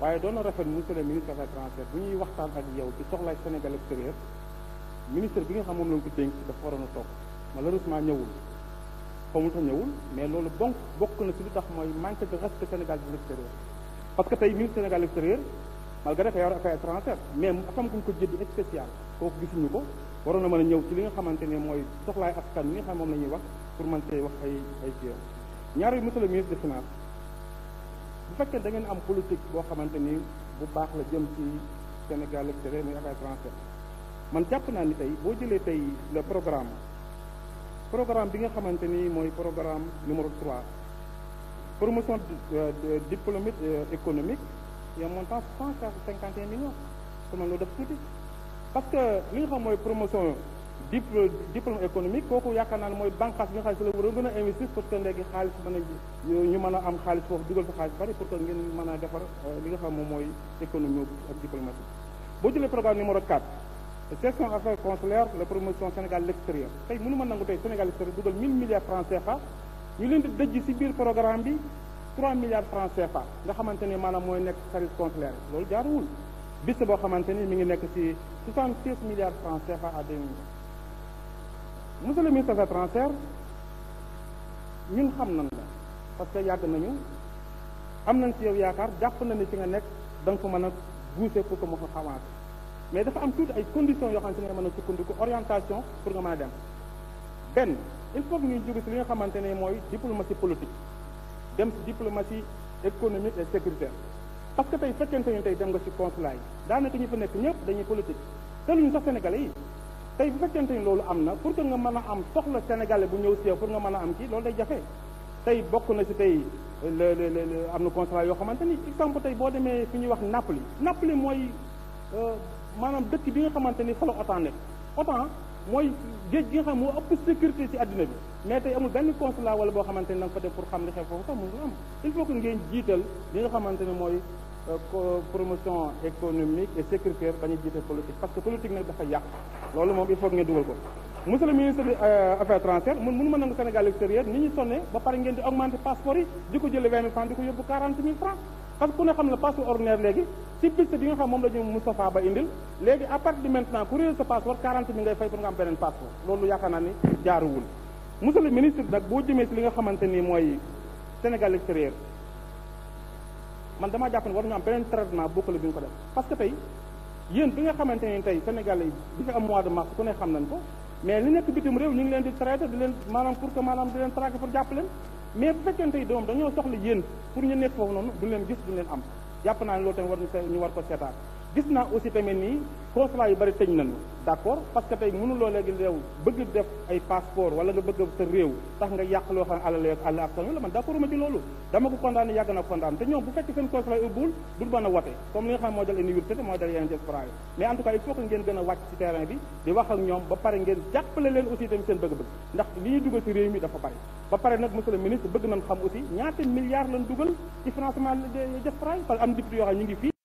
waaye doon na rafet monsieur le ministre des affaires étrangères bu ñuy waxtaan ak yow ci soxlaay Sénégal extérieur ministre bi nga xam moom lañ ko dénk dafa waroon a toog malheureusement ñëwul xamul tax ñëwul mais loolu bon bokk na si lu tax mooy manque de respect Sénégal de l'extérieur parce que tey ministre Sénégal extérieur malgré que yor affaires étrangères mais afam kuñ ko jëddi spécial kooku gisuñu ko waroon na mën a ñëw ci li nga xamante ne mooy soxlaay askan mi nga xam moom ñuy wax pour mën see wax ay ay jéem ñaar yu monsieur le bu fekkee da ngeen am politique boo xamante ni bu baax la jëm ci Sénégal ak Sénégal affaire français man jàpp naa ni tey boo jëlee tey le programme programme bi nga xamante ni mooy programme numéro 3 promotion euh, diplômée euh, économique y a montant cent cinquante et un millions su man loolu def tuuti parce que li nga xam mooy promotion diplôme économique kooku yaakaar naa ne mooy banqaas bi nga a gën a investir pour que léegi xaalis mën a ñu mën a am xaalis foofu dugal fa xaalis bari pour que ngeen mën a defar euh, li nga moom mooy économie ak diplomatie boo jëlee programme numéro 4 section affaires consulaires la promotion Sénégal l'extérieur tey mënu ma nangu tey Sénégal l'extérieur dugal milliards francs CFA nga xamante ni maanaam mooy nekk service consulaire loolu jaaruwul bis boo xamante ni ngi nekk ci 76 milliards francs CFA monsieur le ministre des affaires ñun xam nañ la parce que yàgg nañu am nañ ci yow yaakaar jàpp na ne ci nga nekk danga nga ko mën a bousser pour que mu fa avancé mais dafa am tuuti ay conditions yoo xam ne ci nga mën a sukkandiku orientation pour nga mën a dem benn il faut que ñuy jóge ci li nga xamante ne mooy diplomatie politique dem ci diplomatie économique et sécuritaire parce que tey fekkente ñu tey dem nga ci consulat yi daanaka ñu fa nekk ñëpp dañuy politique te luñu sax sénégalais yi tey bu fekkente loolu am na pour que nga mën a am soxla sénégalais bu ñëw si pour nga mën a am kii loolu day jafe tey bokk na si tey le le le am na consulat yoo xamante ni exemple tey boo demee fi ñuy wax napp napp Napoli mooy euh, maanaam dëkk bi nga xamante ni fa la OTAN nekk OTAN mooy géej gi nga xam moo ëpp sécurité ci àddina bi mais tey amul benn consulat wala boo xamante ni da nga fa def pour xam li xew foofu sax mënul am il faut que ngeen jiital li nga xamante ne mooy Euh, promotion économique et sécuritaire bañ a jiite politique parce que politique nag dafa yàq loolu moom il faut ngeen dugal ko monsieur le ministre des euh, affaires étrangères mun mënu nangu Sénégal extérieur ni ñu sonne ba pare ngeen di augmenter passeport yi di ko jële vingt mille francs di ko yóbbu passeport nga xam moom la ñu Moustapha Ba indil passeport ngay fay pour nga am beneen passeport loolu yaakaar ni jaaruwul monsieur ministre nag boo jëmee ci li nga xamante ni mooy Sénégal extérieur man damaa jàpp ne war ñu am beneen traitement bokkale bi ñu ko def parce que yéen bi nga xamante ne tey sénégalais yi di fi am mois de mars ku ne xam nañ ko mais li nekk bitim réew ñu ngi leen di traité di leen maanaam pour que maanaam di leen traqué pour jàpp leen mais bu fekkee tey doom dañoo soxla yéen pour ñu nekk foofu noonu duñ leen gis duñ leen am jàpp naa loolu tamit war ñu war ko seetaat gis naa aussi tamit nii consulat yu bari tëj nañu d'accord parce que tey mënuloo léegi réew bëgg def ay passeport wala nga bëgg sa réew tax nga yàq loo xam ne àll àll ak sama man d'accord ma ci a wote comme li nga xam ne a milliards lañ dugal ci financement diaspora yi parce am député yoo xam ñu ngi fii